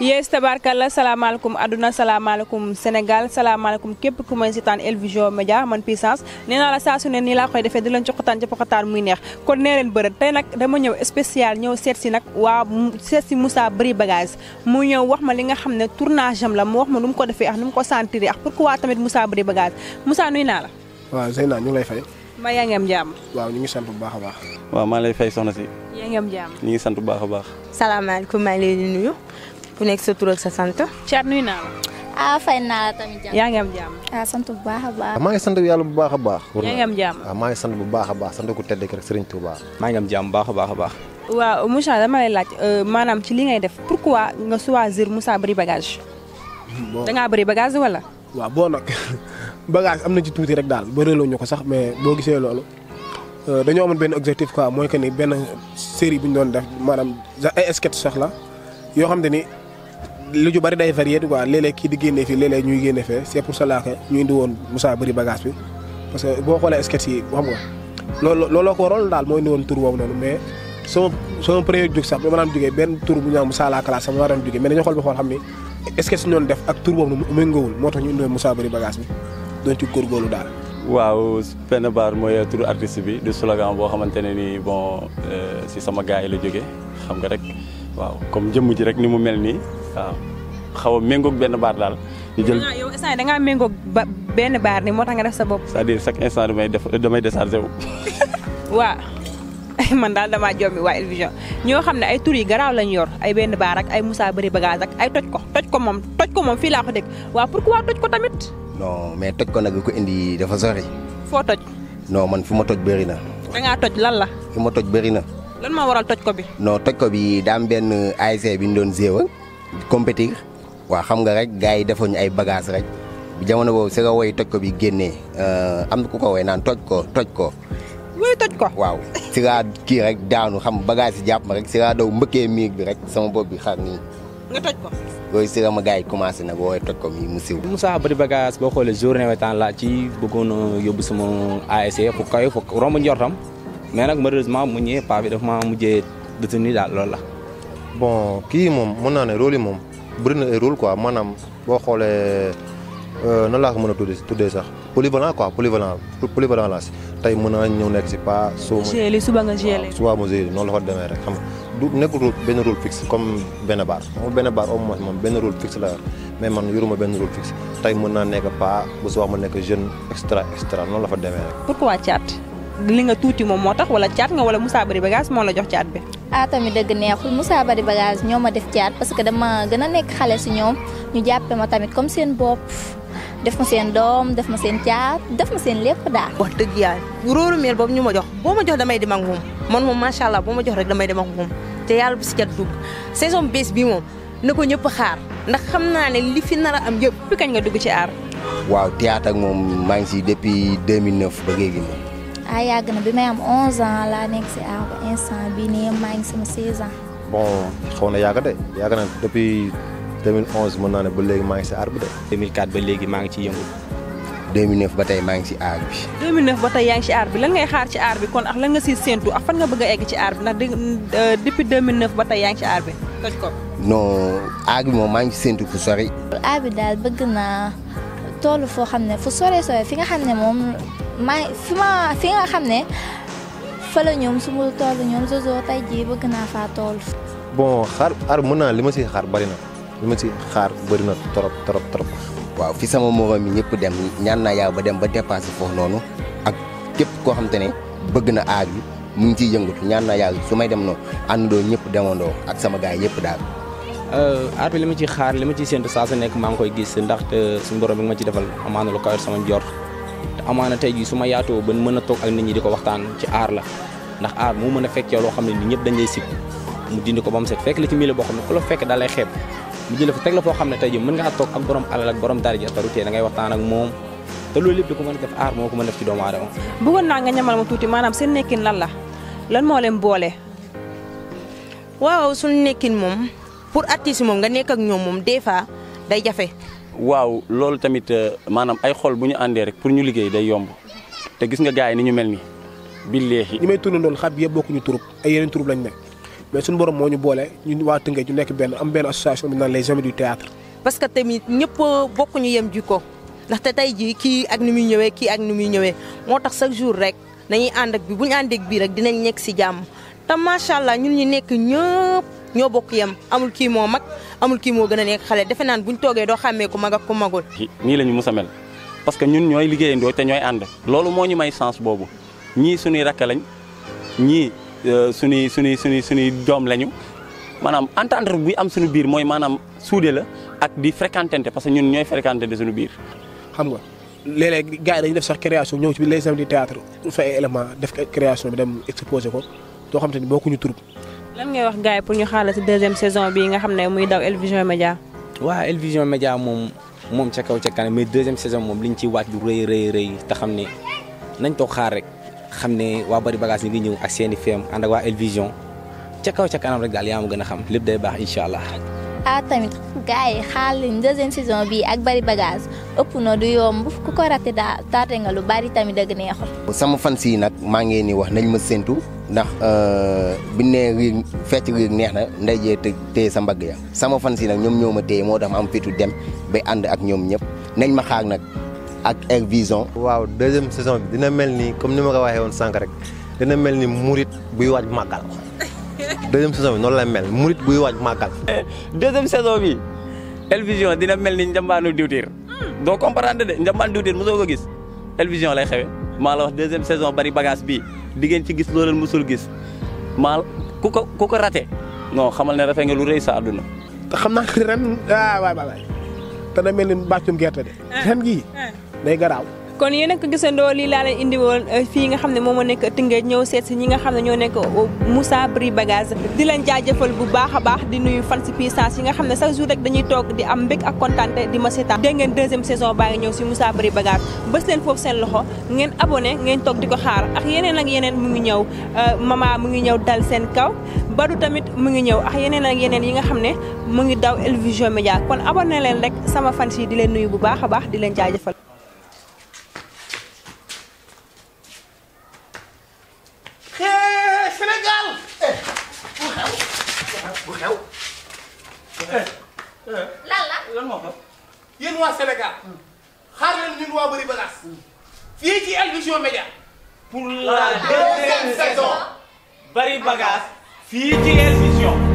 yées salam alaikum aduna senegal salam alaikum kep ku may sitane El Vision man puissance nee la sa sunen ni la koy defé di ci coxataan ci poxataan muy neex kon nee leen bërët tey dama ñew spécial ñew seet si nag waa seet si Moussa bri Bagage mu ñew wax ma li nga xam tournage am la mu wax ma num ko defé ak num ko sentir ak pourquoi tamit Moussa bri Bagage Moussa nuy na la. wa Zeyna ñu lay fay. ma ya ngi jam wa ñu ngi sant bu baaxa baax. wa ma lay fay soxna si. yaa jam ñu ngi sant bu baaxa baax. salam alaikum ma lay nuyu ku nekk sa tur sa sant. Thiat nuyu naa la. ah naa la tamit yaa ngi am jàmm. Ah, sant bu baax a baax. Ah, maa ngi sant yàlla bu baax a baax. yaa ngi am jàmm waaw ah, maa ngi sant bu baax a baax sant ku tedd rek Serigne Touba. maa ngi am jàmm bu baax a baax a baax. waaw Moussa dama lay laaj euh, maanaam ci li ngay def pourquoi nga choisir Moussa bëri bagage. bon da ngaa bëri bagage wala. waaw boo nag bagage am na ci tuuti rek daal bëriloo ñu ko sax mais boo gisee loolu. Euh, dañoo amoon benn objectif quoi mooy que ni benn série bu ñu doon def maanaam ay sketch sax la lu ci bari day varié quoi léeg-léeg kii di génnee fii léeg ñuy génne fee c'est pour cela que ñu indi woon Moussa bëri bagage bi parce que boo xoolee sketch yi xam nga daal moo indi woon tur boobu noonu mais sama sama ma daan jógee benn tur bu ñu la classe sax ma daan jógee mais dañoo xool ba xool xam ni sketch ñu doon moo tax ñu indi woon bëri bagage bi doon ci góorgóorlu daal. waaw Penda Bar mooy tur artiste bi du slogan boo xamante ne ni bon euh, si sama gars yi la jógee xam nga rek waaw comme jëmm ji rek ni mu mel nii. waaw xaw a méngoog benn baar daal. ñu jël yow instant da ngaa méngoog ba benn baar ni moo ta nga def sa bopp. c'est-à-dire chaque instant def damay déchargé wu. waaw man daal damaa jommi waa El Vision ñoo xam ne ay tur yi garaaw lañ yor ay benn baar ak ay musa bëri bagage ak ay toj ko toj ko moom toj ko moom fii laa ko dégg waaw pourquoi toj ko tamit. non mais toj ko nag ko indi dafa sori. foo toj. non man fi ma toj bëri na. da ngaa toj lan la. fi ma toj bëri na. lan moo waral toj ko bi. non toj ko bi daam benn ASC e bi ñu doon zéewal. compétir waa xam nga rek gars yi defoon ay bagages rek jamono boobu si nga woy toj ko bi génnee euh, am na ku ko woy naan toj ko toj ko. woy toj ko waaw. si laa kii rek daanu xam bagage yi jàpp ma rek si laa daw mbëkkee miir bi rek sama bopp bi xar nii. nga toj ko. yooyu si la ma gars yi commencé nag woy toj ko mi mu siw. Moussa bëri bagage boo xoolee journée wetaan laa ci bëggoon a yóbbu sama ASC fu kaw fu romb njortam mais nag malheureusement mu ñëwee paa bi dafa maa mujjee détenu daal loolu la. bon kii moom mën naa ne rôle moom bëri na ay rôle quoi maanaam boo xoolee euh, nan laa ko mën a tuddee tuddee sax polyvalent quoi polyvalent polyvalent laa si tey mën naa ñëw nekk si pas. soo gérer suba la fa demee rek xam nga du nekkul comme benn baar benn baar au moom benn rôle la mais man yoruma benn rôle tey mën naa nekk pas ma nekk jeune extra extra noonu la fa demee rek. pourquoi caat li nga tuuti moom moo tax wala caat nga wala Moussa Bari Bagage moo la jox caat bi. atami deug dëgg neexul Moussa Bari Bagage ñoma def ciat parce que dama gëna nek xalé xale ñom ñu jappé ma tamit comme seen bop def ma seen dom def ma seen ciat def ma seen lepp da wax deug ya róoru mel bop ñuma jox boo ma jox damay dem ak mom man mom machallah allah ma jox rek damay dem ak mom te yalla bu ci ciat dug saison bes bi mom nako ñepp xaar ndax xamna ne li fi nara a am yëpp kañ nga dug ci ar waaw théâtre ak mom ma ngi ci depuis 2009 ba léegi mom ah yàgg na bi may am 11 ans laa nekk si aar ba nii maa sama 16 ans. bon xaw na yàgg de yàgg na depuis 2011 mën naa ne ba léegi maa ngi si aar bi de. ba léegi maa ngi ciy yëngu. 2009 ba tey maa ngi si aar bi. ba tey yaa ngi si aar bi lan ngay xaar ci aar bi kon ak lan nga siy séentu ak fan nga bëgg a egg ci aar bi ndax euh, depuis ba tey yaa ngi aar bi toj ko. non aar bi moom maa ngi séentu fu sori. aar bi daal bëgg naa toolu foo xam ne fu sore sore fi nga xam ne moom. maa fi ma fi nga xam ne fa la ñoom su ma toll ñoom Jojo tey jii bëgg naa faa toll. bon xaar xaar mën naa li ma si xaar bari na li ma si xaar bari na trop trop trop. waaw fi sama moomam yi ñëpp dem ñaan naa yàlla ba dem ba dépassé foofu noonu ak képp koo xam ne bëgg na aar bi mu ngi ciy yëngatu ñaan naa yàlla su may dem noonu àndandoo ñëpp demandoo ak sama gars yëpp daal. Euh, aar bi li ma ci xaar li ma ciy séntu saa su nekk maa ngi koy gis ndaxte suñu borom bi nga ma ci defal amaana lu kawe sama njort. te amaana tey jii su ma yaatoo ba mën a toog ak nit ñi di ko waxtaan ci aar la ndax aar moo mën a fekk yow loo xam ne ni ñëpp dañ lay sib mu dindi ko ba mu set fekk la ci milieu boo xam ne ku la fekk da lay xeeb mu jël fa teg la ne tey jii mën a toog ak borom alal ak a daraja te du tee da ngay waxtaan ak moom te loolu lépp di mën a def aar moo ko mën a def ci doomu naa lan la lan moo leen boole waaw suñu nekkin moom pour artiste moom nga nekk ak ñoom moom des fois day jafe waaw lol tamit euh, maanaam ay xol bu ñu àndee rek pour ñu liggéey day yomb te gis nga gars yi ni ñu mel nii billaahi ñi may tourné noonu xab yëpp ñu turub ay yeneen turub lañ nekk mais suñu borom moo ñu boole ñun waa Tëngéej ñu nekk benn am benn association bi naan les amis du théâtre parce que tamit ñëpp ñu yem jikko ndaxte tey ji kii ak ni muy ñëwee kii ak ni muy ñëwee moo chaque jour rek dañuy ànd ak bi bu ñu àndeek bi rek dinañ nekk si jàmm te macha ñun ñu nekk ñëpp ñoo bokk yem amul kii moo mag amul kii moo gën a nekk xale defe naan buñ toogee doo xàmmee ku mag ak ku magul. nii la ñu mus a parce que ñun ñooy liggéeyandoo te ñooy ànd loolu moo ñu may chance boobu ñii suñuy rakk lañ ñii euh, suñuy suñuy suñuy suñuy doom lañu maanaam entendre bi am suñu biir mooy maanaam suude la ak di fréquentante parce que ñun ñooy fréquentante suñu biir. xam nga léeg-léeg gars yi dañuy def sax création ñëw ci biir les di théâtre fa ay élément def création bi dem exposé ko doo xam te ni ñu troupe lan ngay wax gars yi pour ñu xaaral si deuxième saison bi nga xam ne muy daw El Vision Média. waaw El Vision Média moom moom ca kaw ca kanam mais deuxième saison moom liñ ci waaj lu rëy rëy rëy te xam ne nañ toog xaar rek xam ne waa Bari Bagage ñu ngi ñëw ak seeni feem ànd ak waa El Vision ca kaw ca kanam rek daal yaa ma gën a xam lépp day baax incha allah. ah tamit gars yi xaar leen saison bi ak bari bagage ëpp na du yomb ku ko raté daal taate nga lu bari tamit dëgg neexul. sama fans yi nag maa ngi ni wax nañ ma séntu ndax euh, bi nee riir fecc riir neex na nday jee te sa mbagg ya sama fans yi nag ñoom ñoo ma téye moo tax ma am fitu dem ba ànd ak ñoom ñëpp nañ ma xaar nag ak Air Vision. waaw deuxième saison bi dina mel ni comme ni ma ko waxee woon sànq rek dina mel ni murit buy waaj màggal. deuxième saison bi noonu la mel murit buy waaj màggal. Eh, deuxième saison bi El Vision dina mel ni njambaanu diwtiir doo comprendre de njambaanu diwtiir mosoo ko gis El Vision lay xewe maa la wax deuxième saison bari bagage bi di ngeen ci gis loolal mosul gis maa ku ko ku ko rate non xamal ne rafet nga lu rëy sa àdduna. te xam naa ren ah waay waay te da mel ni mbàccum gerte de. Eh, ren gii eh. day garaaw. kon yéen a ko gisandoo lii laa leen indi woon eh, fii nga xam ne moom moo nekk Tëngéej ñëw seet si ñi nga xam ne ñoo nekk oh, Moussa Bry Bagage di leen jaajëfal bu baax a baax di nuyu fan si puissance yi nga xam ne chaque jour rek dañuy toog di am mbég ak ngeen deuxième saison baa ngi ñëw si Moussa Bry Bagage bës leen foofu seen loxo ngeen abonné ngeen toog di ko xaar ak yeneen ak yeneen mu ngi ñëw eh, mama mu ngi ñëw dal seen kaw Badou tamit mu ngi ñëw ak yeneen ak yeneen yi nga xam ne mu ngi daw El Vision Média kon abonné leen rek sama fan si di leen nuyu bu baax a baax di leen jaajëfal xew. lan la lan moo xew. yéen waa Sénégal. xaar leen fii ci El Vision Média. pour la ah, deuxième saison. bëri bagaas. fii ci El Vision.